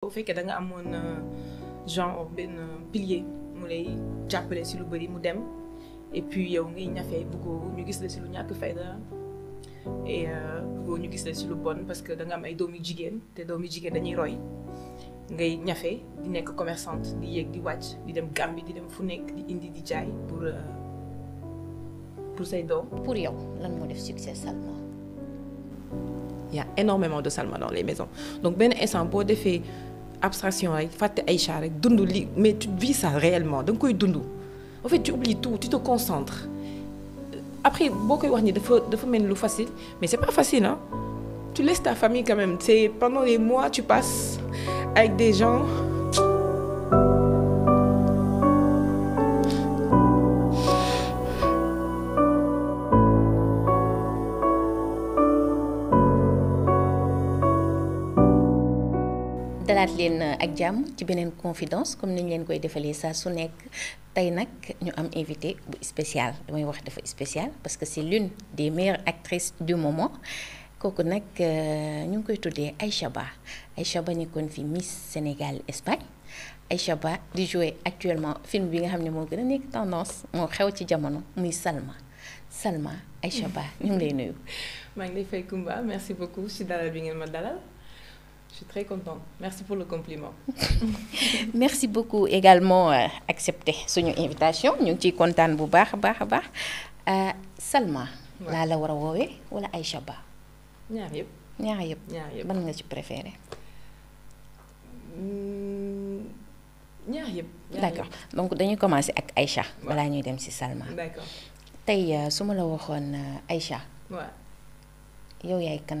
boo fekkee da nga amoon euh, genre benn pilier mu lay jàppale si lu bëri mu dem et puis yow ngay ñafee bëggoo ñu gis la si lu ñàkk fayda et euh, bëggoo ñu gis la si lu bon parce que danga am ay doomi jigéen te doomi jigéen dañuy roy ngay ñafe di nekk commerçante di yéeg di wàcc di dem Gàmbi di dem fu nekk di indi di jaay pour euh, pour say doom. pour yow lan moo def succès Salma. y a énormément de Salma dans les maisons donc benn instant boo defee. abstraction rek fàtte ay char rek dund li mais tu vis ça réellement da koy dund en fait tu oublies tout tu te concentres après boo koy wax ni dafa dafa mel lu facile mais c'est pas facile hein tu laisses ta famille quand même c'est pendant les mois tu passes avec des gens dalaat leen euh, ak jàmm ci beneen confidence comme ni ñu leen koy defalee saa su nekk tey nag ñu am invité bu spécial damay wax dafa spécial parce que c'est l'une des meilleures actrices du moment kooku nag euh, ñu ngi koy tuddee Aïcha Ba Aïcha Ba nekkoon fi Miss Sénégal Espagne ay Ba di jouer actuellement film bi nga xam ne moo gën a nekk tendance moo xew ci jamono muy Salma Salma ay Ba ñu ngi lay nuyu. maa lay fay Koumba merci beaucoup si dalal bi ngeen ma dalal. Je suis très Merci pour le Merci beaucoup également euh, accepter suñu invitation ñu ci kontaan bu baax a baax a baax euh, Salma. laa la war a woowee wala Aïcha Ba. ñaar yëpp yëpp. ñaar ban nga ci préféré. Mm, ñaar yëpp. d' donc dañuy commencer ak Aïcha. balaa ñuy dem ci Salma. d' euh, su ma la waxoon euh, Aïcha. waaw yow yaay kan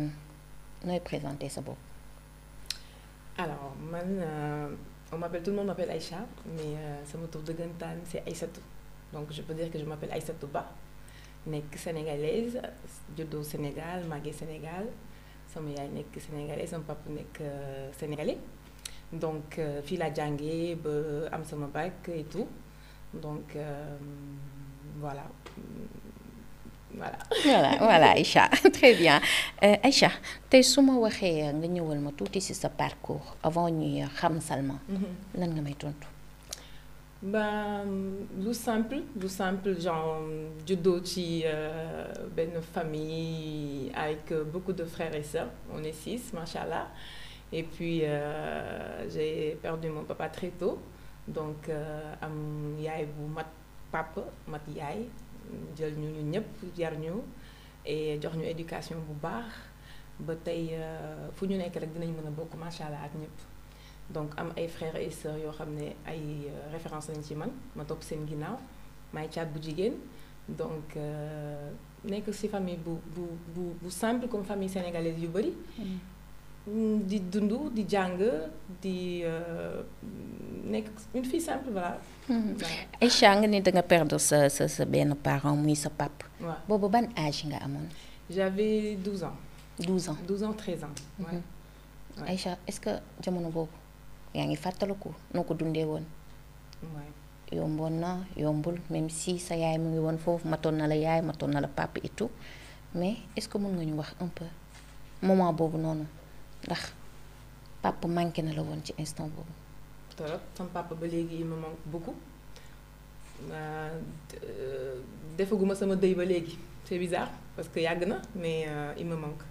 nooy présenter sa bopp. alors man euh, on m'appelle tout le monde m'appelle Aïcha mais euh, sama tur dëggantaan c'est Aïssatou donc je peux dire que je m'appelle Aïssatou Ba nekk sénégalaise juddoo Sénégal màggee Sénégal sama yaay nekk sénégalaise sama papa nekk euh, sénégalais donc fii laa jànge ba am sama bac et tout donc voilà voilà voilà voilà Aïcha très bien euh, Aïcha tey su ma waxee nga ñëwal ma tuuti si sa parcours avant ñuy xam Salma. lan mhm. nga may tontu. ba lu simple lu simple genre juddoo ci euh, benn famille avec euh, beaucoup de frères et sœurs on est six machallah et puis euh, perdu mon papa très tôt donc euh, am yaay bu mat papa mat yaay. jël ñu ñu ñëpp yar ñu et jox ñu éducation bu baax ba tey euh, fu ñu nekk rek dinañ mën a bokk macha allah ak ñëpp donc am ay frères et sœurs yoo xam ne ay euh, référence lañ ci man ma topp seen ginnaaw may caat bu jigéen donc euh, nekk ci famille bu bu bu bu simple comme famille sénégalaise yu bëri. Mm. Mm, di dund di jàng di euh, nekk une fille simple voilà. Mm-hmm. Aïcha nga ni danga nga sa sa sa benn parent muy sa pap waaw boobu ban âge nga amoon. j'avais 12 ans. 12 ans 12 ans 13 mm-hmm. ce que jamono boobu yaa ngi fàttaliku noo ko dundee woon. yomboon na yombul même si sa yaay mu ngi woon foofu matoon na la yaay matoon na la pap et mais est-ce que mën nga ñu wax un peu moment boobu noonu. ndax papa manqué na la woon ci instant boobu. trop sama papa ba léegi il me manque beaucoup euh, sama dëy ba léegi c'est bizarre parce que yàgg na mais euh, il me manque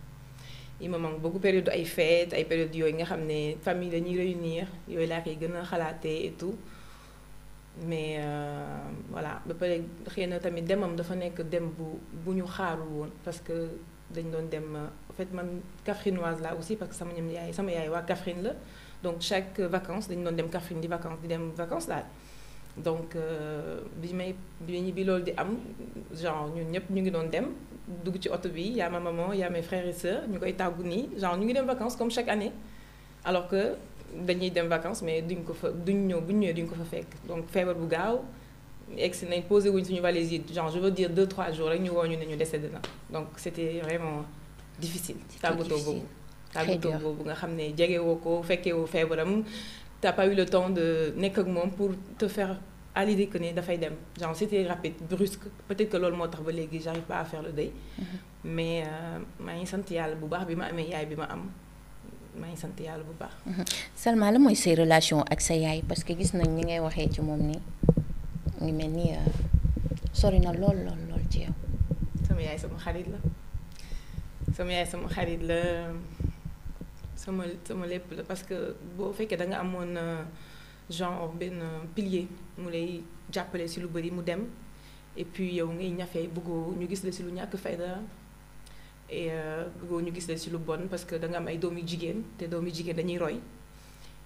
il me manque période ay fête ay période yooyu nga xam ne famille dañuy réunir yooyu laa koy gën a xalaatee et mais euh, voilà ba pare xëy na tamit demam dafa nekk dem bu bu ñu xaarul woon parce que dañ doon dem. fait man Kaffrinoise laa aussi parce que sama ñoom yaay sama yaay waa Kaffrine la donc chaque vacances dañ doon dem Kaffrine di vacances di dem vacances daal. donc euh, bi may bi bi loolu di am genre ñun ñëpp ñu ngi doon dem dugg ci oto bi y a ma maman y a mes frères ñu koy tàggu nii genre ñu ngi dem vacances comme chaque année alors que dañuy dem vacances mais duñ ko fa duñ ñëw bu ñu ñëwee duñ ko fa fekk donc feebar bu gaaw egg si nañ posé wuñ suñu valise yi genre je veux dire deux trois ñu woo ñu ne ñu décédé na donc c'était vraiment. difficile tàggatoo boobu tàggatoo boobu nga xam ne jegewoo ko fekkewoo feebaram t'as pas le temps de nekk ak moom pour te faire à l'idée ne dafay dem genre c'était rapide brusque peut-être que moo tax ba léegi j'arrive pas à faire le deuil mm-hmm. mais euh, maa ngi sant yàlla bu baax bi ma amee yaay bi ma am maa ngi sant yàlla bu baax mm-hmm. selma la mooy say relation ak sa yaay parce que gis nañ ni ngay waxee ci moom ni ngi mel ni euh, sori na lool lool lool ci yow sama yaay sama xarit la sama yaay sama xarit la sama sama lépp la parce que boo fekkee da nga amoon euh, genre benn euh, pilier mu lay jàppale si lu bëri mu dem et puis yow ngay ñafee bëggoo ñu gis la si lu ñàkk fayda et euh, bëggoo ñu gis la si lu bon parce que da nga am ay doomi jigéen te doomi jigéen dañuy roy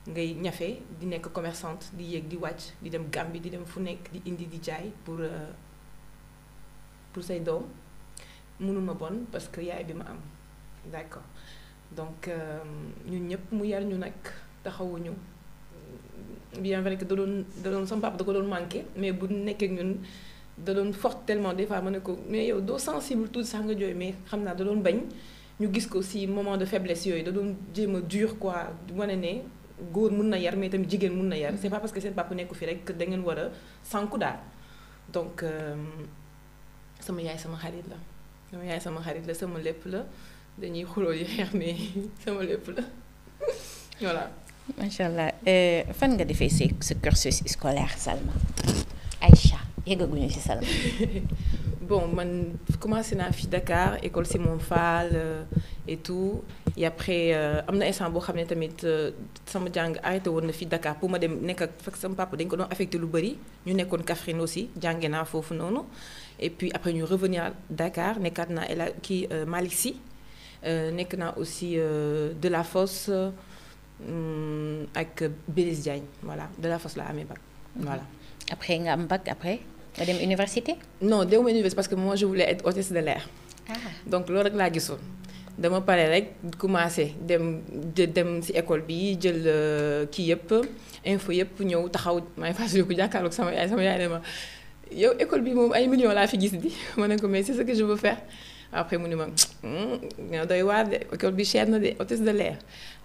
ngay ñafe di nekk commerçante di yéeg di wàcc di dem Gambie di dem fu nekk di indi di jaay pour pour say doom mënuma bon parce que yaay bi ma am d'accord donc euh, ñun ñëpp mu yar ñu nag taxawuñu bien vrai que da doon da doon sama papa da ko doon manqué mais bu nekkeek ñun da doon forte des fois ma ne ko mais yow doo sensible tout sax nga jooy mais xam naa da bañ ñu gis ko si moment de faiblesse yooyu dadoon doon jéem a dur quoi wane ne góor mun na yar mais tamit jigéen mun na yar c'est pas parce que seen papa nekku fi rek da ngeen war a sànku daal donc euh, sama yaay sama xarit la. yow yaay sama xarit la sama lépp la dañuy xuloo yi xeex mais sama lépp la voilà. macha allah eh, fan nga defee sa sa cursus scolaire Salma Aïcha yeggaguñu ci Salma. bon man commencé naa fi Dakar école Simon Fall euh, et tout et après euh, am na instant boo xam ne tamit euh, sama jàng arrêté woon na fi Dakar pour ma dem nekk ak fak sama papa dañ ko doon affecté lu bëri ñu nekkoon Kaffrine aussi jànge naa foofu noonu et puis après ñu revenir Dakar nekkaat naa El kii si Sy nekk naa aussi de la Fosse ak Blaise Diagne voilà de la Fosse la amee bac mhm. voilà. après nga am bac après. nga dem université. non demuma université parce que moo je voulais être de l'air. Ah. donc loolu rek laa gisoon. dama pare rek commencé dem dem ci école bi jël euh, kii yëpp info yëpp ñëw taxaw maa ngi fàttaliku jàkkaarloog sama yaay sama yaay ne yow école bi moom ay millions laa fi gis di ma ne ko mais c'est ce que je veux après mu ni ma nga mm, doy waar de école bi cher na de hôtesse de l'air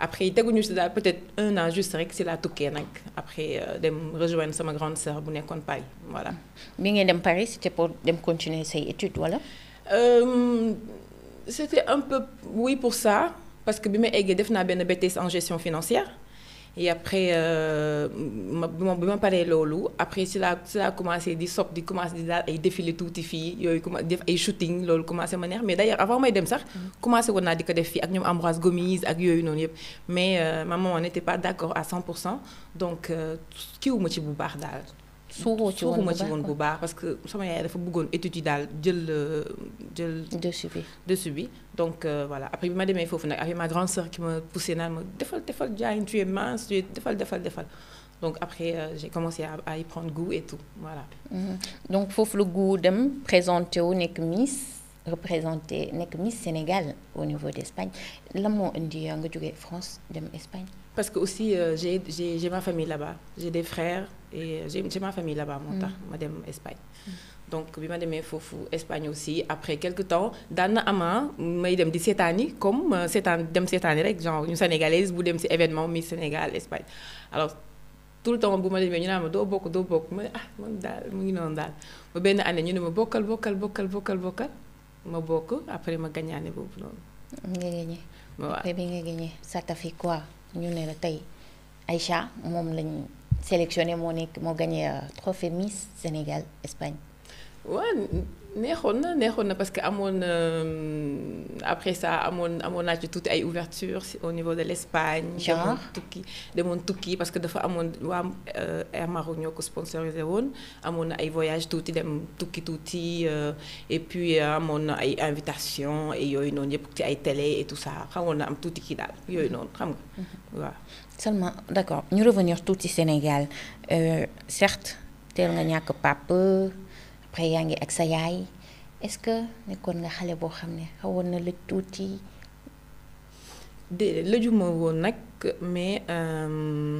après teguñu si daal peut-être un an juste rek si la tukkee nag après euh, dem rejoindre sama grande sœur bu nekkoon Paris voilà. bi ngeen dem Paris c'était pour dem continuer say études wala. Euh, c'était un peu oui pour ça parce que bi ma eggee def naa benn BTS en gestion financière. et après euh, ma bi ma paree loolu après si laa si laa commencé di sob di commencé di daal ay défilé tuuti fii yooyu commencé def ay shooting loolu commencé ma neex mais d'ailleurs avant may dem sax mm. commencé woon naa di ko def fii ak ñoom Ambroise Gomis ak yooyu noonu yëpp mais ma euh, maman n'était pas d'accord à 100 pour cent donc euh, kiiwuma ci bu baax daal suuxu ci woon bu baax bu baax parce que sama yaay dafa bëggoon étude yi daal jël euh, jël. dessus bi dessus bi donc euh, voilà après bi ma demee foofu nag avec ma grande sœur qui m'a poussé naan ma defal defal jaay tu es mince tu defal defal defal donc après euh, j'ai commencé à à y prendre goût et tout voilà. Mm-hmm. donc foofu la goût dem présenté wu nekk Miss représenté nekk Miss Sénégal au niveau d'Espagne lan moo indi nga jóge France dem Espagne. parce que aussi euh, j'ai j'ai ma famille là-bas j'ai des frères et euh, j'ai ma famille là moo mm. tax ma dem Espagne mm. donc bi ma demee foofu Espagne aussi après quelque temps daan na ama may dem di seetaani comme euh, seetaan dem seetaani rek genre ñu sénégalaise bu dem ci événement mi Sénégal Espagne alors tout le temps bu ma demee ñu naan ma doo bokk doo bokk ma ah man daal mu ngi noonu daal ba benn année ñu ne ma bokkal bokkal bokkal bokkal bokkal ma bokk après ma gañaane boobu noonu. nga gañe. quoi. ñu ne la tey Aïcha moom lañ sélectionné moo nekk moo gagné euh, trophée Miss Sénégal Espagne. neexoon na neexoon na parce que amoon euh, après ça amoon amoon naa ci tuuti ay ouverture au niveau de l' Espagne. genre tukki demoon tukki parce que dafa amoon waa euh, Air Maroc ñoo ko sponsorisé woon amoon na ay voyage tuuti dem tukki tuuti euh, et puis amoon na ay invitation yooyu noonu yëpp ci ay télé et tout ça xamoon na am tuuti kii daal yooyu noonu xam nga mhm. waaw. seulement d' accord ñu revenir tuuti Sénégal certes teel nga ñàkk pape. après yaa ngi ak sa yaay est-ce que nekkoon nga xale boo xam ne xawoon na lëj tuuti. déedéet lëjuma woon nag mais euh,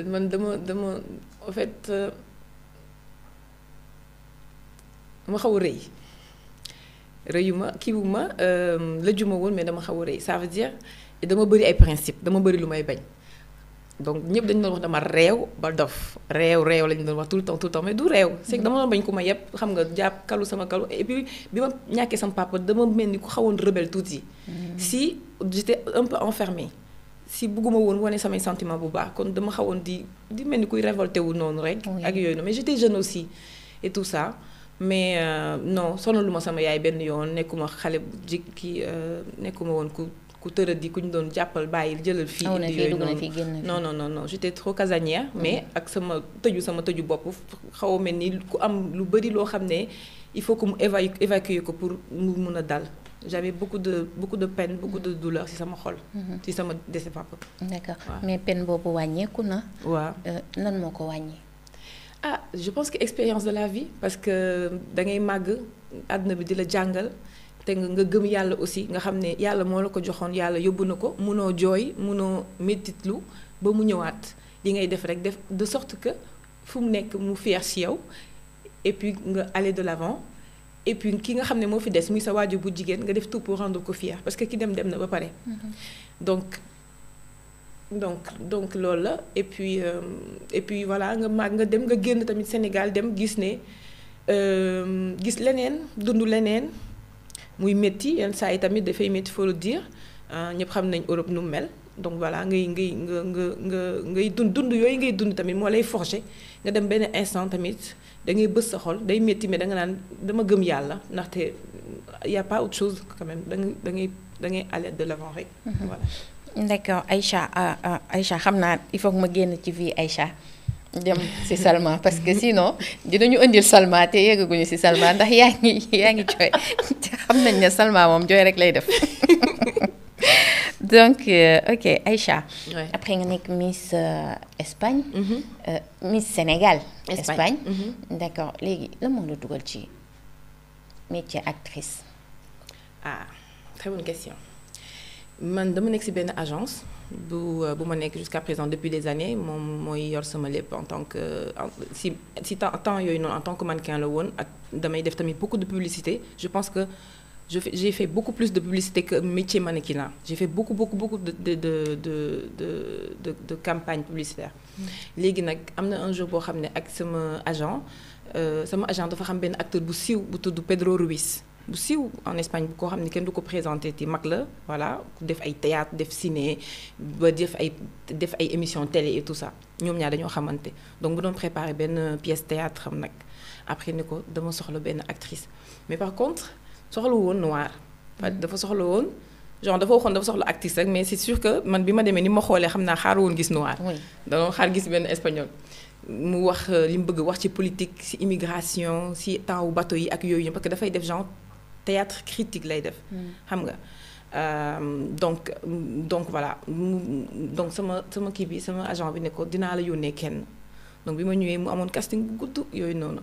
man dama dama en fait euh, ma xaw a rëy rëyuma kiiwuma euh, lëjuma woon mais dama xaw a rëy ça veut dire dama bëri ay principe dama bëri lu may bañ. donc ñëpp dañu doon wax dama réew ba dof réew réew lañu doon wax tout le temps tout le temps mais du reew c'est que dama doon bañ ku ma yëpp xam nga jàpp kalu sama kalu et bi ma ñàkkee sama papa dama mel ni ku xawoon rebelle tuuti mm-hmm. si j'étais un peu enfermée si bugguma woon wane samay sentiment bu baax kon dama xawoon di di mel ni kuy révolté wu noonu rek ak yooyu noonu mais j'étais jeune aussi et tout ça mais euh, non sonaluma sama yaay benn yoon nekkuma xale ji kii euh, nekkuma woon ku ku tëradi ku ñu doon jàppal bàyyil jëlal fii indi yooyu noonu non non non non j'étais trop casanière mm-hmm. mais ak sama tëju sama tëju bopp xaw a mel ni ku am lu bëri loo xam ne il faut que mu éva évacuer ko pour mu mun a dal j'avais beaucoup de beaucoup de peine beaucoup de douleur ci sama xol. Mm-hmm. ci sama décès papa. d'accord mais peine boobu wàññeeku na. waaw euh, lan moo ko wàññi. ah je pense que expérience de la vie parce que da ngay màgg àdduna bi di la jàngal. te nga gëm yàlla aussi nga xam ne yàlla moo la ko joxoon yàlla yóbbu na ko munoo jooy munoo métitlu ba mu ñëwaat li ngay def rek def de sorte que fu mu nekk mu fier ci yow et puis nga aller de l'avant et puis ki nga xam ne moo fi des muy sa waajur bu jigéen nga def tout pour ko fier parce que ki dem dem na ba pare. Mm-hmm. donc donc donc loolu la et puis euh, et puis voilà nga màgg nga dem nga génn tamit Sénégal dem gis ne euh, gis leneen dundu leneen. muy métti yenn saa yi tamit dafay métti faut le dire ah, ñëpp xam nañ Europe nu mel donc voilà ngay ngay nga nga nga ngay dund dund yooyu ngay dund tamit moo lay forger nga dem benn instant tamit da ngay bës sa xol day métti mais da nga naan dama gëm yàlla ndaxte y a pas chose quand même da ngay da ngay da ngay aller de l'avant rek. Mhm. voilà. d'accord Aïcha ah, ah, Aïcha xam naa il faut ma génn ci vie Aïcha. dem si Salma parce que sinon dinañu indil Salma te yeggaguñu si Salma ndax yaa ngi yaa ngi jooy xam nañ ne Salma moom jooy rek lay def donc euh, ok Aïcha. Ouais. après nga nekk Miss uh, Espagne. Mhm. Uh, Miss Sénégal. Espagne, Espagne. léegi lan moo la dugal ci métier actrice. Ah, man dama nekk ci benn agence. bu euh, bu ma nekk jusqu'à présent depuis des années moom mooy yor sama lépp en tant que si si temps yooyu noonu en tant que mannequin la woon ak damay def tamit beaucoup de publicité je pense que je j'ai fait beaucoup plus de publicité que métier mannequinat j'ai fait beaucoup beaucoup beaucoup de de de de de de, campagne publicitaire mm. léegi nag am na un jour boo xam ne ak sama agent euh, sama agent dafa xam benn acteur bu siiw bu tudd Pedro Ruiz bu siiw en Espagne bu ko xam ne kenn du ko présenté ti mag la voilà ku def ay théâtre def ciné ba def ay def ay émission télé et tout ñoom ñaar dañoo xamante donc bu doon préparé benn pièce théâtre am nag après ni ko dama soxla benn actrice mais par contre soxla woon noir mm. dafa soxla woon genre dafa waxoon dafa soxla actrice rek mais c'est sûr que man bi ma demee ni ma xoolee xam naa xaar woon gis noir danoon xaar gis benn espagnol mu wax euh, li mu bëgg wax ci politique ci immigration ci temps wu yi ak yooyu parce dafay def genre théâtre critique lay def. Hmm. xam nga euh, donc donc voilà donc sama sama kii bi sama agent bi ne ko dinaa la yónnee kenn donc bi ma ñëwee mu amoon casting bu gudd yooyu noonu.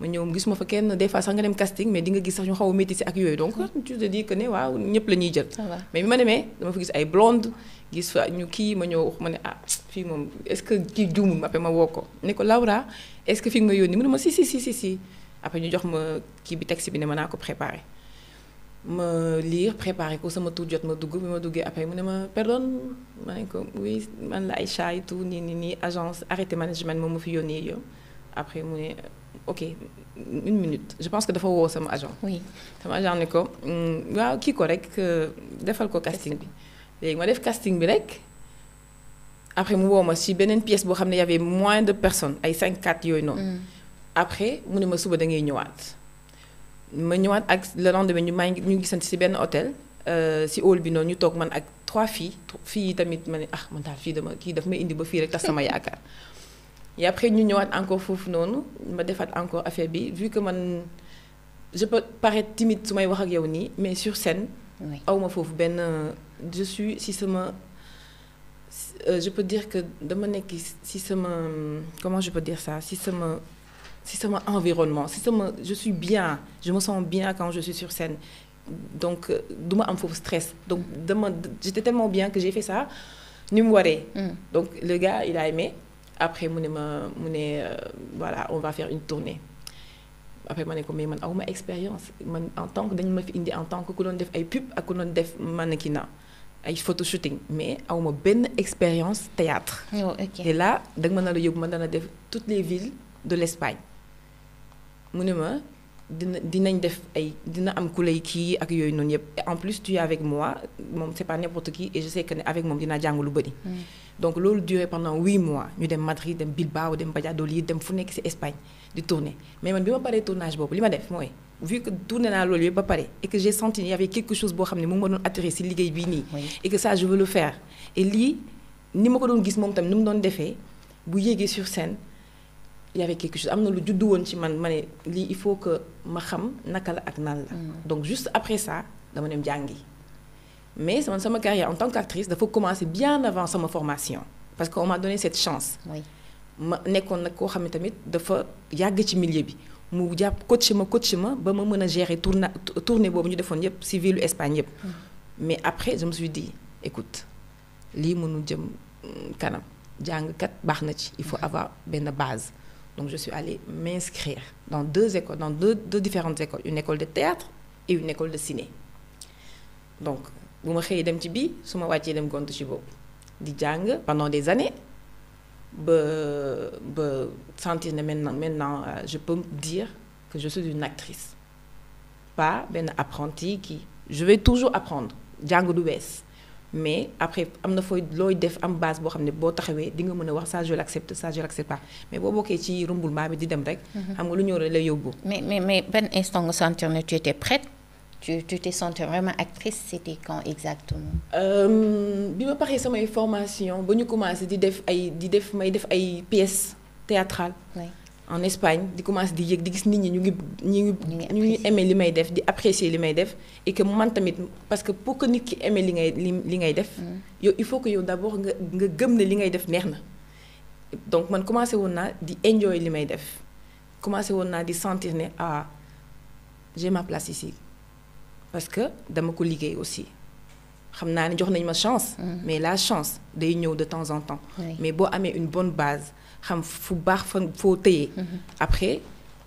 ma ñëw gis ma fa kenn des fois sax nga dem casting mais di nga gis sax ñu xaw a métissé ak yooyu donc hmm. tu te dis que ne waaw ñëpp lañuy ñuy jël. mais bi ma demee dama fi gis ay blonde gis fa ñu kii ma ñëw ma ne ah fii moom est-ce que kii juumul après ma woo ko ne ko Laura est-ce que fi nga ma yónni mu ne ma si si si si. après ñu jox ma kii bi texte bi ne ma naa ko préparé ma lire préparé ko sama tur jot ma dugg bi ma duggee après mu ne ma pardon ma ne ko man la Aïcha et tout agence arrêté management moom ma fi yónnee yow après mu ne une minute je pense que dafa woo sama agent. oui ko mm, waaw kii ko rek euh, defal ko casting bi léegi ma def casting bi rek. après mu woo ma si beneen pièce boo xam ne y avait moins de personnes ay 5 4 yooyu noonu. Mm. après mu ne ma suba da ngay ñëwaat ma ñëwaat ak le lendemain ñu maa ngi ñu gisante ci benn hôtel euh, ci hall bi noonu ñu toog man ak trois filles fii tamit ma ne ah man daal fii dama kii daf may indi ba fii rek tas sama yaakaar et après ñu ñëwaat encore foofu noonu ma defaat encore affaire bi vu que man je peux paraître timide su may wax ak yow nii mais sur scène. aw ma foofu benn je suis ci sama euh, je peux dire que dama nekk si sama comment je peux dire ça sama. si sama environnement si sama je suis bien je me sens bien quand je suis sur scène donc euh, du ma am foofu stress donc dama j'étais tellement bien que j'ai fait ça ni mu waree. Mm. donc le gars il a aimé après mu ne ma mu ne euh, voilà on va faire une tournée. après ma ne ko mais man awma expérience man en tant que ma fi indi en tant que ku doon def ay pub ak ku doon def mannequinat ay photo shooting mais awma benn expérience théâtre et là da nga mën a la yóbbu man dana def toutes les villes de l'Espagne mu ne ma dina dinañ def ay dina am ku lay kii ak yooyu noonu yëpp en plus tu avec moi moom c'est pas n'importe qui et je sais ne avec moom dinaa jàng lu bëri. Mm. donc loolu duré pendant huit mois ñu dem Madrid dem Bilbao dem Valladolid dem fu nekk ci Espagne di tourner mais man bi ma paree tournage boobu li ma def mooy vu que tourné naa loolu yëpp ba pare et que j'ai senti il y avait quelque chose boo xam ne mu ngi ma doon attiré ci liggéey bii nii. et lii ni ma ko doon gis moom tam ni mu doon defee bu yéegee sur scène. jare avait quelque chose am na lu juddu woon ci man ma ne lii il faut que ma xam naka la ak nan la. Mm. donc juste après ça dama dem jàngi. mais sama sama carrière en tant qu'actrice dafa commencer bien avant sama formation parce que on m'a donné cette chance. oui ma nekkoon nag koo xam ne tamit dafa yàgg ci millier bi mu jàpp coach ma coach ma ba ma mën a gérer tourna tournée boobu ñu defoon yépp ci ville Espagne yépp. Mm. mais après je me suis dit écoute lii mënul jëm mm, kanam jàng baax na ci il faut avoir benn base. Donc je suis allée m'inscrire dans deux écoles, dans deux, deux, différentes écoles, une école de théâtre et une école de ciné. Donc, bu ma xëyee dem ci bii su ma wàccee dem gont ci boobu di jàng pendant des années ba ba sentir ne maintenant maintenant euh, je peux dire que je suis une actrice pas benn apprenti qui je vais toujours apprendre jàng du wees mais après am na fooy looy def am base boo xam ne boo taxawee di nga mën a wax ça je l'accepte ça je l'accepte pas mais boo bokkee ci rumbul maa bi di dem rek. Mhm. xam nga lu ñëw rek lay yóbbu. mais mais mais ban instant nga sentir ne tu étais prête tu tu t'es sentie vraiment actrice c'était quand exactement. Euh, bi ma paree samay formation ba ñu commencé di def ay di def may def ay pièces théâtrales. en Espagne di commencé di yëg di gis nit ñi ñu ngi ñu ngi ñu ngi li may def di apprécier li may def et que man tamit parce que pour que nit ki aimé li ngay li ngay def mm. yow il faut que yow d'abord nga nga gëm ne li ngay def neex na donc man commencé woon naa di enjoy li may def commencé woon naa di sentir ne à ah, j'ai ma place ici parce que dama ko liggéey aussi xam naa ne jox nañ ma chance mm. mais la chance day ñëw de temps en temps mais boo amee une bonne base xam fu baax fan foo tëyee. Mm-hmm. après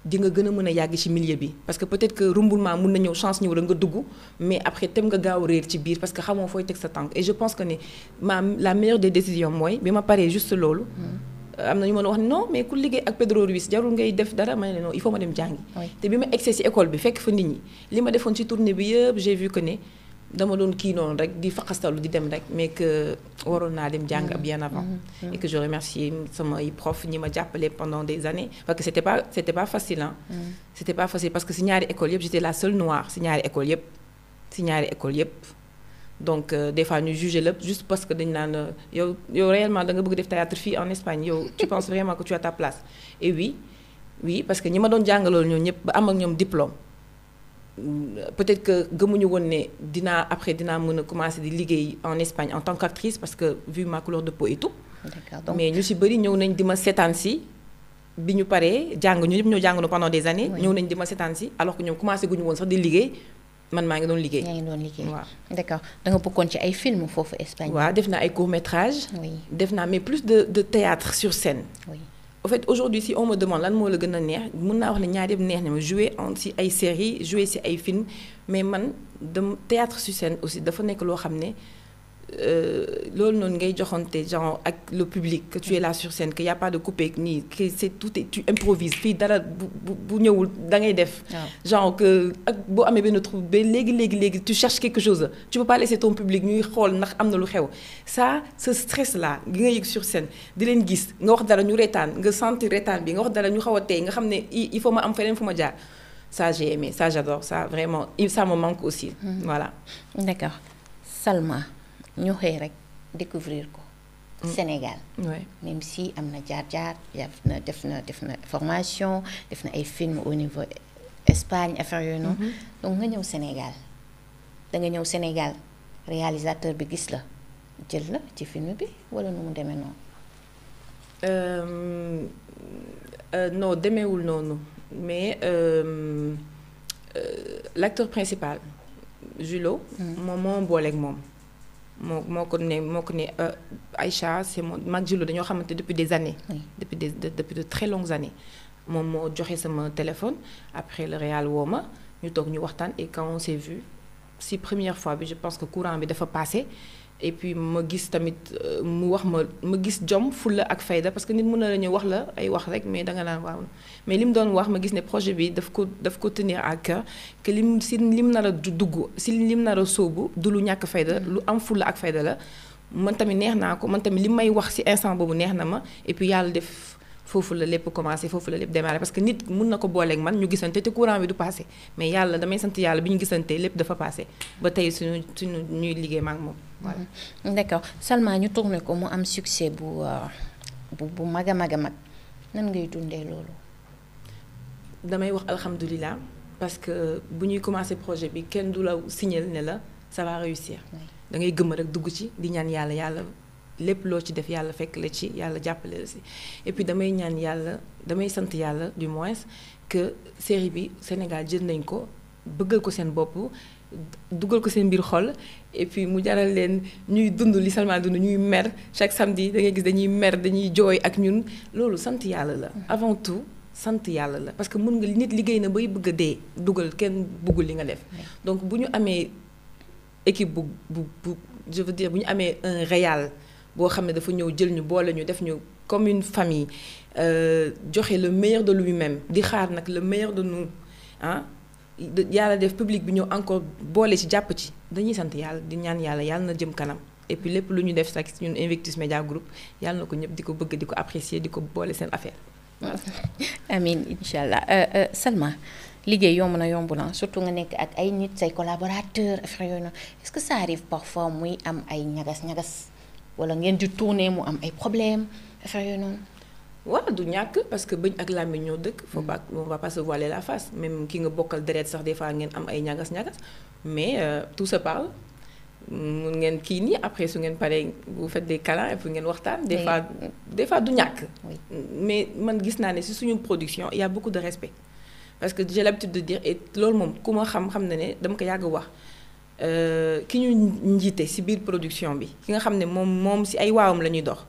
di gën a mën a yàgg ci milieu bi parce que peut-être que rumboulement mun na ñëw chance ñëw rek nga dugg mais après tem nga gaaw réer ci biir parce que xamoo fooy teg sa tànk et je pense que ne ma la meilleure des décisions mooy bi ma paree juste loolu. Mm-hmm. am na ñu mën a wax non mais ku liggéey ak Pedro Ruiz jarul ngay def dara ma ne non il faut ma dem jàngi. te bi ma egsee ci école bi fekk fa nit ñi li ma defoon ci dama doon kii noonu rek di faqastalu di dem rek mais que waroon naa dem jàng mm-hmm. bien avant mm-hmm. et que je remercie samay prof ñi ma jàppale pendant des années parce que c'était pas c'était pas facile mm-hmm. parce que si ñaari école yëpp j'étais la seule noire si ñaari école yëpp école yëpp donc euh, des fois ñu juger lépp juste parce que dañ naan euh, yow yow réellement da nga def théâtre fii en Espagne yow tu penses vraiment que tu as ta place et oui oui parce que ñi ma doon jàngaloo ñoom ñëpp ba am ak ñoom diplôme Euh, peut-être que gëmuñu woon ne dinaa après dinaa mën a commencer di liggéey en Espagne en tant qu'actrice parce que vu ma couleur de peau et mais ñu ci bari ñëw nañ di ma seetaan si bi ñu paree jàng ñu ñëpp ñoo jàngandoo pendant des années. ñëw nañ di ma seetaan ci alors que ñoom commencé guñu woon sax di liggéey man maa ngi doon liggéey. yaa ngi doon liggéey waaw. d'accord da ci ay films foofu Espagne. waaw def naa ay court métrage. def naa mais plus de de théâtre sur scène. oui. au fait aujourd'hui si on me lan moo la gën a neex mën naa wax ne ñaar yëpp neex na ma jouer en si ay séries jouer si ay films mais man dem théâtre sur scène aussi dafa nekk loo xam ne Euh, loolu noonu ngay joxante genre ak le public que tu es là que y a pas de coupé nii que c'est tout est tu improvises fii dara bu bu ñëwul da ngay def. genre que ak boo amee benn trou ba léegi léegi léegi tu cherches quelque chose tu peux pas laisser ton public ñuy xool ndax am na lu xew ça sa stress la gi nga yëg sur scène di leen gis nga wax dara ñu reetaan nga sentir reetaan bi nga wax dara ñu xaw a tey nga xam ne il faut ma am feneen fu ma jaar ça j'ai aimé vraiment ça me manque mm-hmm. voilà. d'accord ñu xëy rek découvrir ko. Mm. Sénégal. oui même si am na jaar-jaar def na def na def na formation def na ay film au niveau Espagne affaire yooyu noonu. Mm-hmm. donc nga ñëw Sénégal da nga ñëw Sénégal réalisateur bi gis la jël na ci film bi walla nu mu demee noonu. Euh, euh, non demeewul noonu mais euh, l'acteur principal Julo. Mm. moom moo booleeg moom. moo moo ko ne moo ko ne euh, Aïcha c'est mon mag Julo dañoo xamante depuis des années. depuis des depuis de très longues années. moom moo joxe sama téléphone après le réal woo ma ñu toog ñu waxtaan et quand on s'est vu. si première fois bi je pense que courant bi dafa passé et ma gis tamit euh, mu wax ma ma gis jom fulla ak fayda parce que nit mun na la ñu wax la ay wax rek mais danga naan waaw mais li mu doon wax ma gis ne projet bi daf ko daf ko tenir à cœur que lim si lim nar a dugg si lim nar a sóobu du lu ñàkk fayda lu am fulla ak fayda la man tamit neex naa ko man tamit li may wax si instant boobu neex na ma et yàlla def foofu la lépp commencé foofu la lépp démarré parce que nit mun na ko booleeg man ñu gisante te courant bi du passé mais yàlla damay sant yàlla bi ñu gisante lépp dafa passé ba tey suñu suñu ñuy liggéey maak moom voilà. Mm-hmm. d'accord seulement ñu tourné ko mu am succès bu euh, bu bu mag a mag a mag nan ngay dundee loolu. damay wax alhamdulilah parce que bu ñuy commencé projet bi kenn du la signal ne la ça réussir. da ngay gëm rek dugg ci di ñaan yàlla yàlla. lépp loo ci def yàlla fekk la ci yàlla jàppale la si et damay ñaan yàlla damay sant yàlla du moins que série bi Sénégal jël nañ ko bëggal ko seen bopp dugal ko seen biir xol et puis mu jaral leen ñuy dund li Salma dund ñuy mer chaque samedi da ngay gis dañuy mer dañuy jooy ak ñun loolu sant yàlla la mm-hmm. avant tout sant yàlla la parce que mun nga nit liggéey na bay bëgg dee dugal kenn bëggul li nga def mm-hmm. donc bu ñu amee équipe bu bu bu je dire bu ñu amee un réal boo xam ne dafa ñëw jël ñu boole ñu def ñu commune une famille euh, joxe le meilleur de lui-même di xaar nag le meilleur de nous ah yàlla def public bi ñëw encore boole ci jàpp ci dañuy sant yàlla di ñaan yàlla yàlla na jëm kanam et lépp lu ñu def sax ñun Invictus Media Group yàlla na ko ñëpp di ko bëgg di ko apprécier di ko boole seen affaire. amiin incha allah euh, euh, Salma liggéey yomb na yomb na surtout nga nekk ak ay nit say collaborateurs affaire yooyu nag est-ce que ça arrive parfois muy am ay ñagas ñagas. wala ngeen di tourner mu am ay problèmes affaire yooyu noonu. waaw du ñàkk parce que bëñ ak làmmiñ ñoo dëkk. faut pas on va pas se voiler la face même ki nga bokkal deret sax des fois ngeen am ay ñagas-ñagas mais euh, tout se parle mun ngeen kii nii après su ngeen paree bu faites des câlins fu ngeen waxtaan. des fois des du ñàkk. mais man gis naa ne si suñu production il y a beaucoup de respect parce que j'ai l'habitude de dire loolu moom ku ma xam xam na ne dama ko yàgg wax. Euh, ki ñu njiite ci biir production bi ki nga xam ne moom moom ci ay waawam la ñuy dox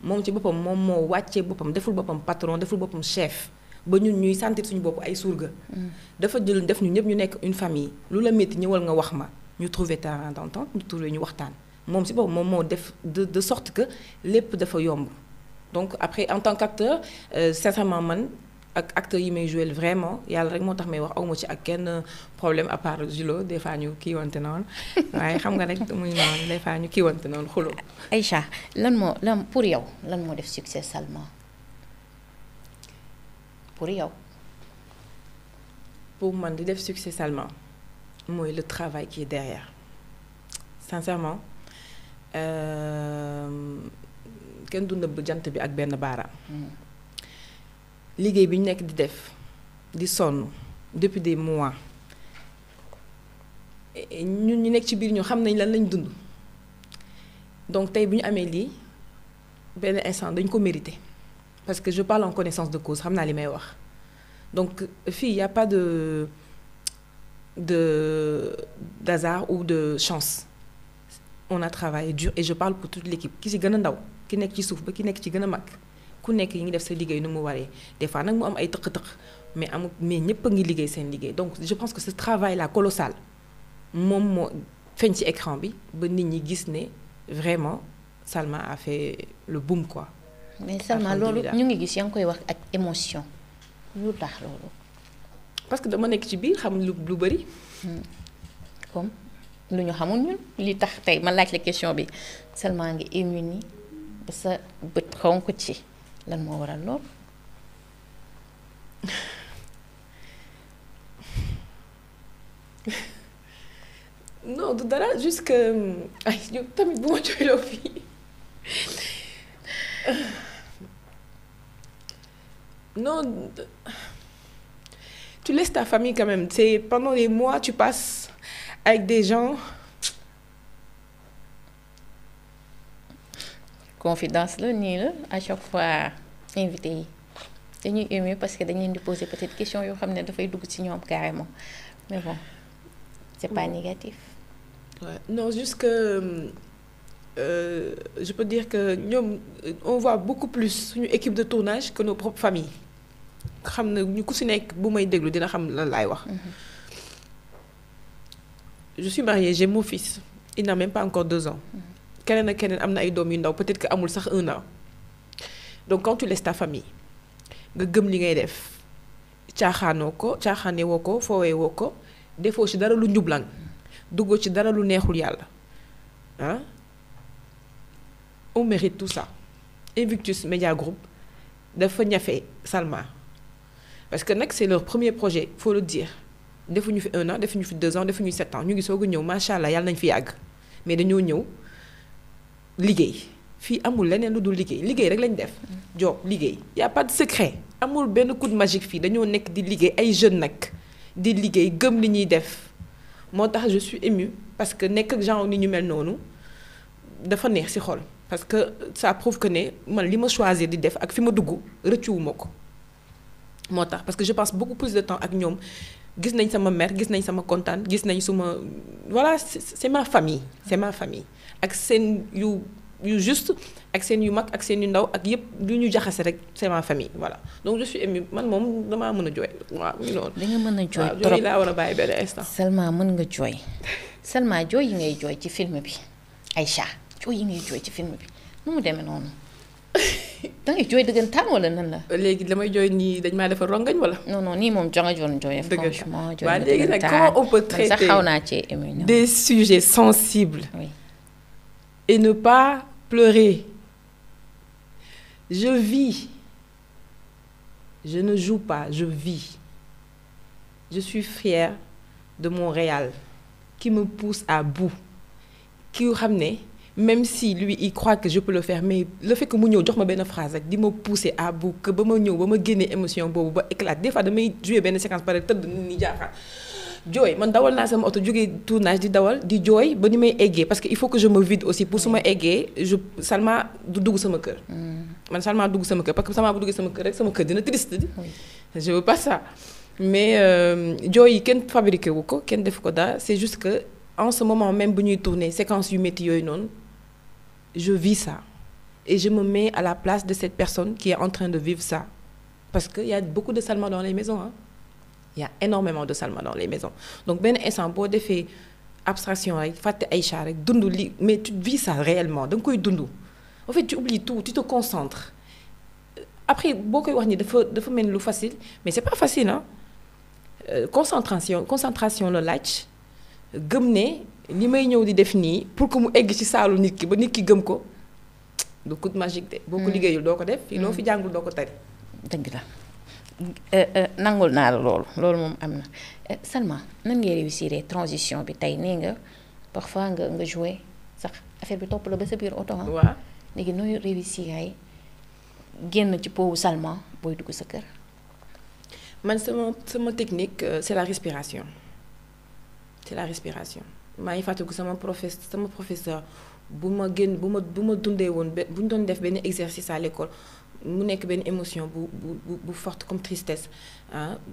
moom ci boppam moom moo wàccee boppam deful boppam patron deful boppam chef ba ñun ñuy sentir suñu bopp ay surga. Mm. dafa jël def ñu ñëpp ñu nekk une famille lu la métti ñëwal nga wax ma ñu trouver terrain d'entente ñu trouver ñu waxtaan moom ci boppam moom moo def de de sorte que lépp dafa yomb donc après en tant qu'acteur euh, sincèrement man. ak acteurs yi may joué vraiment yàlla rek moo tax may wax awma ci ak kenn problème à part julo des fois ñu kiiwante noonu waaye xam nga rek muy noonu des fois ñu kiiwante noonu xulo Aïcha lan moo lan pour yow lan moo def succès Salma pour yow pour man di def succès mooy le travail qui est derrière sincèrement euh, kenn du nëbb jant bi ak benn baaraam mm. liggéey bi ñu nekk di def di sonn depuis des mois ñun ñu nekk ci biir ñu xam nañ lan lañ dund donc tey bu ñu amee lii benn instant dañ ko mérité parce que je parle en connaissance de cause xam naa li may wax donc fii y a pas de de d'hasard ou de chance on a travaillé dur et je parle pour toute l'équipe ki ci gën a ndaw ki nekk ci suuf ba ki nekk ci gën a mag ku nekk yi ngi def sa liggéey nu mu waree des fois nag mu am ay tëq-tëq mais amul mais ñëpp ngi liggéey seen liggéey donc je pense que ce travail là colossal moom moo feeñ si écran bi ba nit ñi gis ne vraiment Salma a fait le boom quoi. mais Salma loolu ñu ngi gis yaa ngi koy wax ak émotion lu tax loolu. parce que dama nekk ci biir xam lu lu bëri. Hmm. comme lu ñu xamul ñun li tax tey man laaj la question bi Salma ngi ému ni ba sa bët xonk ci. lan moo waral lool. non du dara juste que ay yow tamit bu ma jooyloo fii non tu laisses ta famille quand même c'est pendant des mois tu passes avec des gens confidence la nii la à chaque fois invité yi dañuy ému parce que dañ leen di question yoo xam ne dafay dugg ci ñoom carrément mais bon c'est pas négatif. Ouais. non que euh, je dire que ñoom on voit beaucoup plus suñu équipe de tournage que nos propres familles xam na ñu ku si nekk bu may déglu dina xam lan laay wax. Mhm. je suis mariée j'ai mon fils il n'a pas encore deux ans. Mhm. keneen ak keneen am na ay doom yu ndaw peut-être que amul sax un an donc quand tu laisses ta famille nga gëm li ngay def caaxaanoo ko caaxaane woo ko foowee woo ko defoo ci dara lu njublan duggoo ci dara lu neexul yàlla ah on mérite tout ça Invictus Media Group dafa ñafe Salma parce que nag c'est leur premier projet faut le dire defuñu fi un an defuñu fi deux ans defuñu sept ans ñu ngi soog a ñëw macha allah yàlla nañ fi àgg mais dañoo ñëw. liggéey fii amul leneen lu dul liggéey liggéey rek lañ def job liggéey y' a pas de secret amul benn coup de magique fii dañoo nekk di liggéey ay jeunes nag di liggéey gëm li ñuy def moo tax je suis émue parce que nekk ni ñu mel noonu dafa neex ci xol parce que ça prouve que ne man li ma choisir di def ak fi ma dugg rëccuwuma ko moo tax parce que je passe beaucoup plus de temps ak ñoom gis nañ sama mère gis nañ sama kontaan gis nañ suma voilà c'est ma famille c'est ma famille ak seen yu yu juste ak seen yu mag ak seen yu ndaw ak yëpp lu ñu jaxase rek c'est ma famille voilà donc je suis émue man moom damaa mën a jooy waaw muy noonu. nga mën a jooy trop laa war a bàyyi benn instant. seulement mën nga jooy seulement jooy yi ngay jooy ci film bi Aïcha jooy yi ngay jooy ci film bi nu mu demee noonu. da ngay jooy dëggantaan wala nan la. léegi damay jooy nii dañ maa defar rongañ wala. non non nii moom joxe joon jooyee. dëgg la waaw léegi nag comment on peut traiter sax xaw naa cee ému. des sujets sensibles. Oui. et ne pas pleurer. Je vis. Je ne joue pas, je vis. Je suis fière de Montréal qui me pousse à bout. Qui ramène, même si lui il croit que je peux le faire, mais le fait mu ñëw jox ma benn phrase rek di ma pousser à bout que ba ma ñëw ba ma génnee émotion boobu ba éclate des damay jouer benn séquence pare tëdd nit ñi jooy man dawal naa sama oto jógee tournage di dawal di jooy ba ni may eggee parce que il faut que je me vide aussi pour su ma eggee je Salma du dugg sama kër. Mm. man Salma dugg sama kër parce que Salma bu duggee sama kër rek sama kër dina triste di. je veux pas ça mais euh, jooy yi kenn fabriqué wu ko kenn def ko daa c'est juste que en ce moment même bu ñuy tourner séquence yu métti yooyu noonu je vis ça. et je me mets à la place de cette personne qui est en de vivre ça. Parce a beaucoup de Salma dans les maisons. y' a énormément de salma dans les maisons donc benn instant boo defee abstraction rek fàtte ay char rek dund li mais tu vis ça réellement da koy dund en fait tu tout tu te concentres après boo koy wax ni dafa dafa mel lu facile mais c'est pas facile ah concentration concentration la laaj gëm ne li may ñëw di def nii pour que mu egg ci saalu nit ki ba nit ki gëm ko du coup de magique de. boo ko mm. liggéeyul doo ko def. loo mm. fi jàngul doo ko tari. dëgg la. Eh, eh, nangul naa la loolu loolu moom am na eh, seulement nan ngay réussir transition bi tey nee nga parfois nga nga jouer sax affaire bi topp la ba sa biir oto ah. waaw léegi nooy réussir ay génn ci poowu seulement booy dugg sa kër. man sama sama technique euh, c'est la respiration c'est la respiration maa ngi fàttaliku sama professe sama professeur bu ma génn bu ma bu ma dundee woon ba bu ñu doon def benn exercice à l'école mu nekk benn émotion bu bu bu forte comme tristesse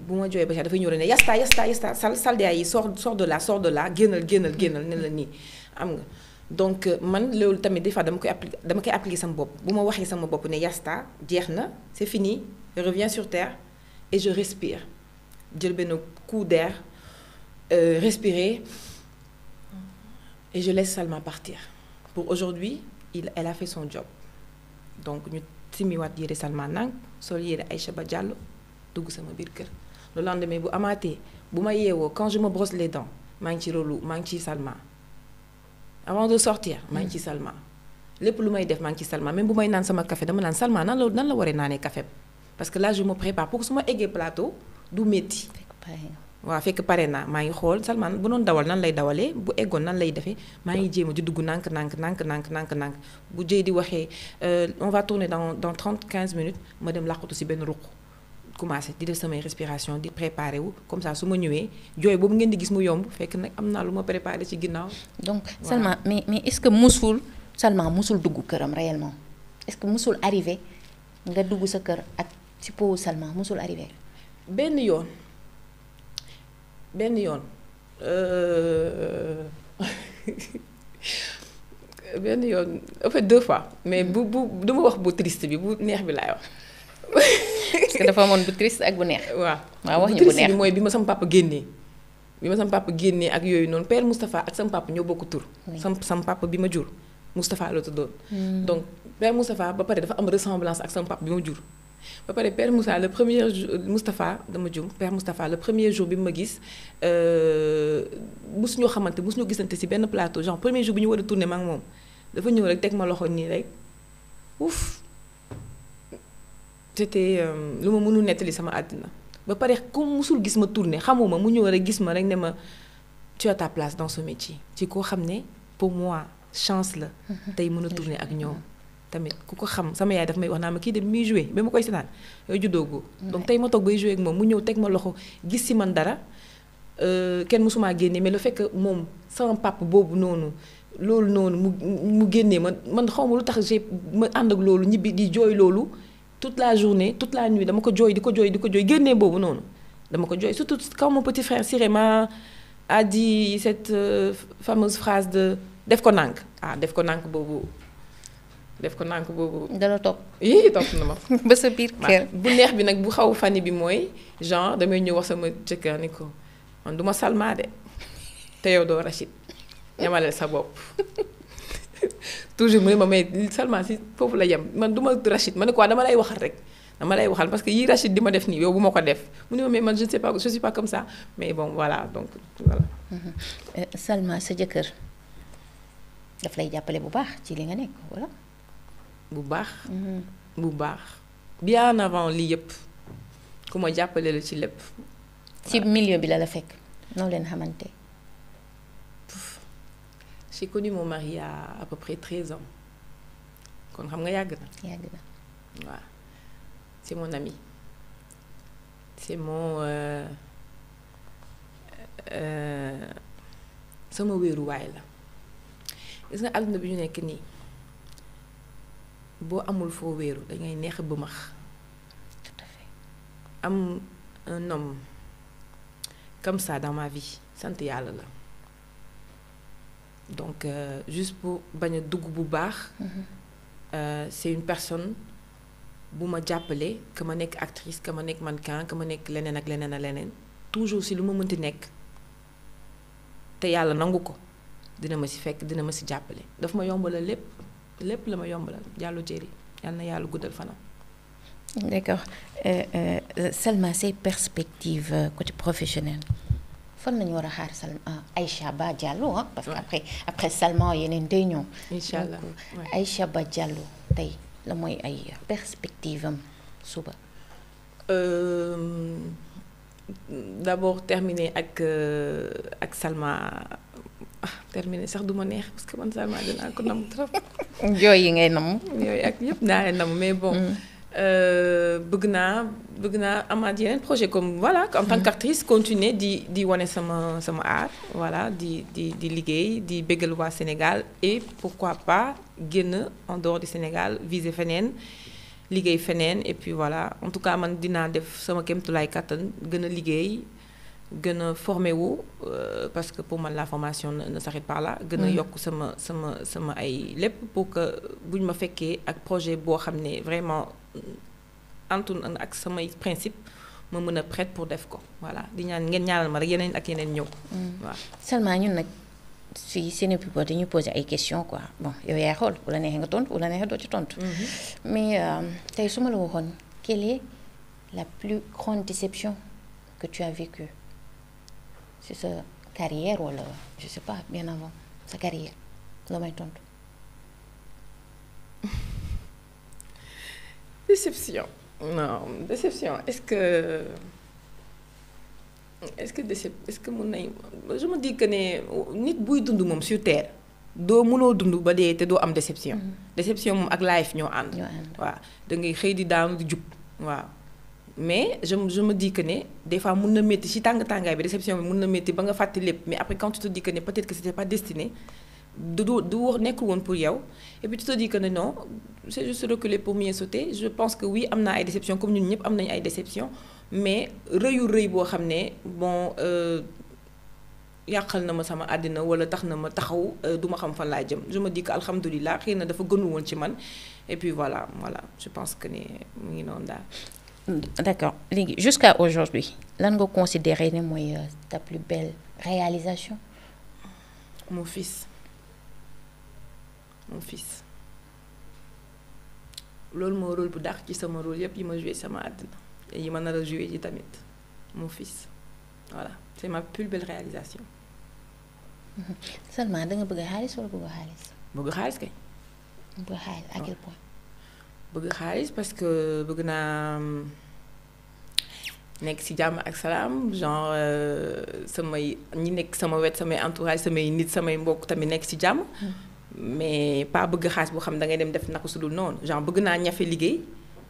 bu ma jooyee ba sax dafay ñëw rek ne yasta yasta yasta sal saldeya yi sor sor de là sor de là génnal génnal génnal ne la nii am nga donc euh, man loolu tamit des fois dama koy appli dama koy appliquer sama bopp bu ma waxee sama bopp ne yasta jeex na c'est fini je reviens sur terre et je respire jël benn coup der euh, respirer et je laisse Salma partir pour aujourd'hui il elle a fait son job donc simiwaat yére Salman Nang sol yére Aïcha Ba Diallo dugg sama biir kër le lendemain bu amaatee bu ma yeewoo quand je me brosse les dents maa ngi ci rolu maa ngi ci Salma avant de sortir maa ngi ci Salma lépp lu may def maa ngi ci Salma même bu may naan sama kafe dama naan Salma nan la nan la waree naanee café parce que là je me prépare pour que su ma eggee plateau du métti waa fekk pare naa maa ngi xool Salman bu doon dawal nan lay dawalee bu eggoon nan lay defee maa ngi jéem a di dugg nànk nànk nànk nànk nànk nànk bu jëy di waxee euh, on va tourner dans dans trente quinze minutes ma dem làqutu si benn ruq commencé di def samay respiration di préparer wu comme ça su ma ñëwee jooy boobu ngeen di gis mu yomb fekk nag am naa lu ma préparé ci ginnaaw. donc Salman mais mais est-ce que musul Salman musul dugg këram réellement est-ce que musul arrivé nga dugg sa kër ak si po Salman musul arrivé. benn yoon. benn yoon euh, benn yoon en deux fois mais bu bu du wax bu triste bi bu neex bi laay wax. parce dafa amoon bu triste ak bu neex. waaw waaw wax ñu bu neex mooy bi ma sama papa génnee. bi ma sama papa génnee ak yooyu noonu père Moustapha ak sama ñëw bokk tur. sam sama bi ma jur Moustapha la tuddoon. Hmm. donc père Moustapha ba pare dafa am ressemblance ak sama bi ma jur. ba pare Père Moussa le premier Moustapha dama jum Père Moustapha le premier jour bi mu ma gis euh, mosu ñoo xamante mosu gisante si benn plateau genre premier jour bi ñu war a tourné ma ak moom dafa ñëw rek teg ma loxo nii rek ouf c'était euh, lu ma mënul nettali sama àdduna ba pare comme mosul gis ma tourné xamuma mu ñëw rek gis ma rek ne ma tu as ta place dans ce métier ci koo xam ne pour moi chance la mm-hmm. tey mën a tourné ak ñoom tamit ku ko xam sama yaay daf may wax naa ma kii de muy joué ba ma koy seetaan yooyu juddoogu donc tey ma toog bay joué ak moom mu ñëw teg ma loxo gis si man dara euh, kenn mësumaa génnee mais le fait moom sama pap boobu noonu loolu noonu mu génnee ma man xaw ma lu tax j'ai ma ànd ak loolu ñibbi di jooy loolu tout la journée tout la nuit dama ko jooy di ko jooy di ko jooy génnee boobu noonu dama ko jooy surtout quand mon petit frère Sirema a dit cette euh, fameuse phrase de def ko nànk ah def ko nànk boobu def ko nànk boobu. dala topp sa biir bu neex bi nag bu xaw fani bi mooy genre damay ñëw wax sama jëkkër ni ko man du ma Salma de te yow doo Rachid ñamaleel sa bopp toujours mu ne ma may Salma si foofu la yem man du ma Rachid ma ne quoi dama lay waxal rek dama lay waxal parce que yii Rachid di ma def nii yow bu ma ko def mu ne ma mais man je ne sais pas je suis bon voilà donc voilà. Euh, Salma sa jëkkër daf lay jàppale bu baax ci li nga nekk bu baax. Mhm. bu baax bien avant lii yëpp ku ma jàppale la ci lépp. ci euh, million bi la la fekk noo leen xamante. j'ai connu mon mari il y a à ans kon xam nga yàgg na. yàgg na waaw c'est mon ami c'est mon euh, euh, sama wéeruwaay la gis nga àdduna bi ñu nekk nii. boo amul foo wéeru dangay neex a bëmax am un homme comme ça dans vie sant yàlla la donc euh, juste pour bañ a dugg bu baax mm-hmm. euh, c'est une personne bu ma jàppale que ma nekk actrice que ma nekk mannequin que ma nekk leneen ak leneen ak leneen toujours si lu ma mënti nekk te yàlla nangu ko dina ma si fekk dina ma si jàppale daf ma yombalal lépp lépp la ma yombalal jàllu jéeri yàlla na yàlla guddal fanam. d'accord euh, euh, Salma say perspectives euh, côté professionnel fan nañu war a xaar Salma ay ah, Ba Diallo ah. parce que après Salma yeneen day ñëw. incha allah donc Aïcha Ba tey la mooy ay perspectives am suba. Euh, d'abord terminer ak euh, ak Salma ah terminé sax du ma neex parce que man Salma a ko nam trop. jooy yi ngay nam. yooyu ak yëpp naa nam mais bon. Mm. Euh, bëgg naa bëgg naa amaat yeneen projet comme voilà en tant mm. qu'artiste continuer di di wane sama sama art voilà di di di liggéey di bëggal waa Sénégal et pourquoi pas génn en dehors du Sénégal viser feneen liggéey feneen et puis voilà en tout cas man dinaa def sama kéemtulaay kàttan gën a liggéey. gën a formé wu euh, parce que pour man la formation ne s'arrête pas là. gën a mm. yokk sama sama sama ay lépp pour que buñ ma fekkee ak projet boo xam ne vraiment euh, antu ak samay principe ma mën a prête pour def ko voilà di ñaan ngeen ñaanal ma rek yeneen ak yeneen ñëw. Mm. waaw seulement ñun nag fii Sénégal dañuy poser ay question quoi bon yow yaay xool bu la neexee nga tontu bu la neexee doo ci tontu. Mm-hmm. mais euh, tey su ma la waxoon quelle la plus grande déception que tu as vécue. si sa carrière wala je sais pas sa carrière loo may tontu. déception. non déception est-ce que est-ce que décep que mun nañu su ma dis ne nit buy dund moom su terre. doo mënoo dund ba dee te doo am déception. déception moom ak life ñoo ànd. waaw da xëy di daanu jub waaw. mais je je me dis que ne des fois mun na métti ci tàng tàngaay bi déception bi mun na métti ba nga fàtte lépp mais après quand tu te dis que ne peut que c'était pas destiné du du nekkul woon pour yow et puis tu te ne non c'est juste reculer pour mieux sauter je pense que oui am naa ay déception comme ñun ñëpp am nañu ay déception mais rëyu rëy boo xam ne bon euh, yàqal na ma sama àddina wala tax na ma taxaw euh, du ma xam fan laa jëm juma dikk dis que na dafa gënu woon ci man et puis voilà je pense que ne mu ngi noonu daal. d'accord léegi jusqu'à aujourd'hui lan nga considérer ni mooy euh, ta plus belle réalisation. mon fils mon fils loolu moo rôle bu dàq ci sama rôle yépp yi ma joué sama àdduna et yi ma nar a joué tamit moo fils voilà c'est ma plus belle réalisation. seulement da bëgg xaalis wala bëgg xaalis. bëgg xaalis kay. bëgg xaalis à point. bëgg xaalis parce que bëgg naa mm, nekk ci jàmm ak salaam genre euh, samay ñi nekk sama wet samay entourage samay nit samay mbokk tamit nekk ci jàmm mais pas bëgg xaalis boo xam da ngay dem def naka su dul noonu genre bëgg naa ñafe liggéey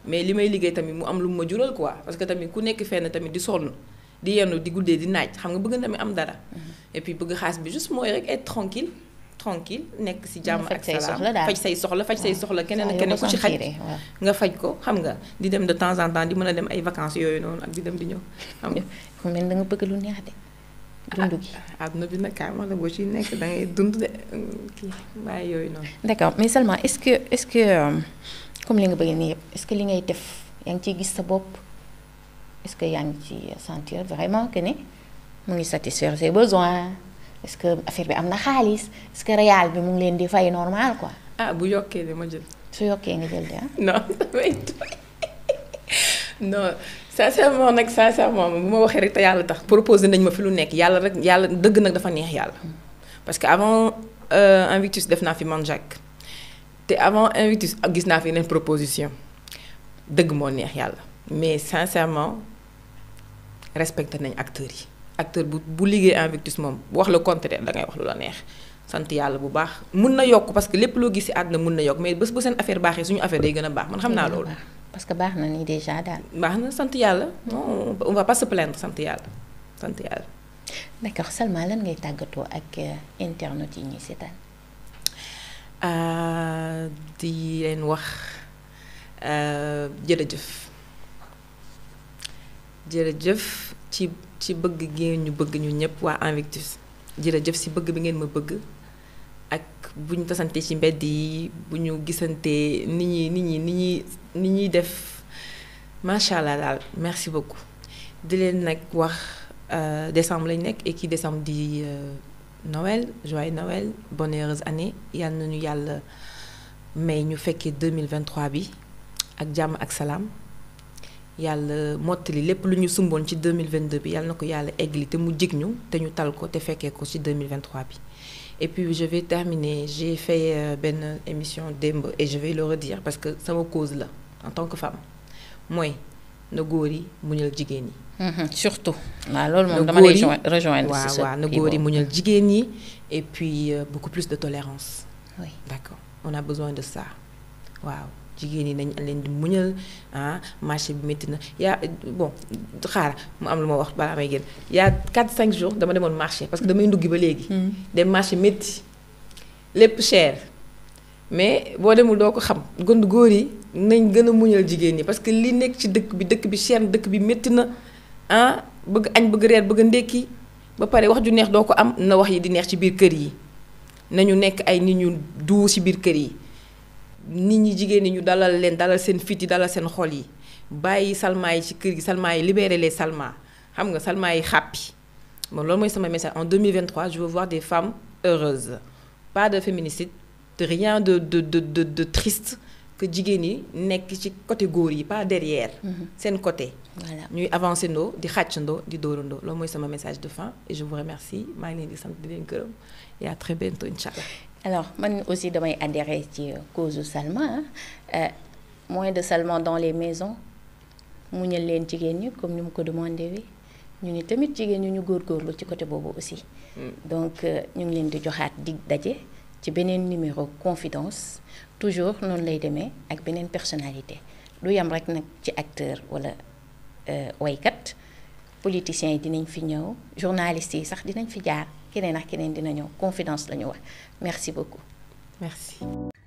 mais li may liggéey tamit mu am lu mu ma jural quoi parce que tamit ku nekk fenn tamit di sonn di yenn di guddee di naaj xam nga bëgg na mi am dara mm-hmm. et bëgg xaalis bi juste mooy rek être tranquille tranquille nekk si jàmm ak salaam faj say soxla faj say soxla keneen ak keneen ku ci nga faj ko xam nga di dem de temps en temps di mën a dem ay vacances yooyu noonu ak di dem di ñëw xam nga mel da nga bëgg lu ah, ah, ah, boo ci nekk da ngay dund yooyu noonu d'accord mais seulement est-ce que est que euh, comme li nga bëgg nii yëpp est-ce ngay def yaa ngi ciy gis sa bopp est-ce que yaa ngi ci sentir vraiment que ne mu ngi satisfaire ses besoins est-ce que affaire bi am na xaalis est que réal bi mu ngi leen di fay normal ko ah bu yokkee de ma jël. su yokkee nga jël de ah. non non sincèrement nag sincèrement bu ma waxee rek te yàlla tax proposé nañ ma fi lu nekk yàlla rek yàlla dëgg nag dafa neex yàlla. Hmm. parce que avant euh, Invictus def naa fi Manjaak te avant Invictus ah, gis naa fi yeneen proposition dëgg moo neex yàlla mais sincèrement respecté nañ acteurs yi. acteur bu bu liggéey Invictus moom wax la contraire dangay wax lu la neex sant yàlla bu baax mun na yokk parce que lépp loo gis si àdduna mun na yokk mais bés bu seen affaire baaxee suñu affaire day gën a baax man xam naa loolu. parce que baax na nii déjà daal. baax na sant yàlla non on va pas se plaindre sant yàlla sant yàlla. d'accord Salma lan ngay tàggatoo ak euh, internet yi ñuy seetaan. Ah, di leen wax euh, jërëjëf jërëjëf ci. ci bëgg ngeen ñu bëgg ñu ñëpp waa Invictus jërëjëf si bëgg bi ngeen ma bëgg ak bu ñu tasante ci mbedd yi bu ñu gisantee nit ñi nit ñi ni ñuy ni ñuy def macha allah daal merci beaucoup di leen nag wax euh, décembre lañ nekk et qui décembre di euh, Noël joyeux Noël bonne heureuse année yal nañu yàlla may ñu fekkee 2023 bi ak jàmm ak salaam. yàlla mottali lépp lu ñu sumboon ci 2022 bi yàlla na ko yàlla eggali te mu jig ñu te ñu tal ko te fekkee ko ci 2023 bi et puis je vais terminer j'ai fait euh, benn émission démb et je vais le redire parce que sama cause la en tant que femme mooy na góor yi muñal jigéen ñi. Mm-hmm. surtout. waaw loolu moom dama lay rejoindre waaw waaw na góor yi muñal mm-hmm. jigéen ñi et puis euh, beaucoup plus de tolérance. oui d'accord besoin de sa waaw. jigéen ñi nañ am leen di muñal ah marché bi métti na yaa bon xaara mu am lu ma wax balaa may génn yaa 4 cinq jours dama demoon marché parce que damay nduggi ba léegi. Hmm. dem marché métti lépp cher. mais boo demul doo ko xam gond góor yi nañ gën a muñal jigéen ñi parce que li nekk ci dëkk bi dëkk bi cher dëkk bi métti na ah bëgg añ bëgg reer bëgg ndékki ba pare wax ju neex doo ko am na wax yi di neex ci biir kër yi nañu nekk ay nit ñu duu ci biir kër yi. nit ñi jigéen ñi ñu dalal leen dalal seen fit yi dalal seen xol yi bàyyi salma yi ci kër gi salma yi libéré les salma xam nga salma yi xàppi bon loolu mooy sama message en 2023 je veux voir des femmes heureuses pas de féminicide de rien de de de de de triste que jigéen yi nekk ci côté góor yi pas derrière. Mm-hmm. seen côté. voilà ñuy avancer ndoo di xàccandoo di dóorandoo loolu mooy sama message de fin et je vous remercie maa ngi leen di sant di leen gërëm et à très bientôt incha alors man aussi damay adhérer ci cause Salma euh, moins de Salma dans les maisons ñël leen jigéen ñi comme ni mu ko demandé wi ñu ni tamit jigéen ñu ñu góor góorlu ci côté boobu aussi. Mm. donc euh, ñu ngi leen di joxaat dig daje ci beneen numéro confidence toujours noonu lay demee ak beneen personnalité du yam rek nag ci acteur walla euh, woykat politiciens yi dinañ fi ñëw journalistes yi sax dinañ fi jaar. keneen ak keneen dina ñëw confidence la wax merci beaucoup merci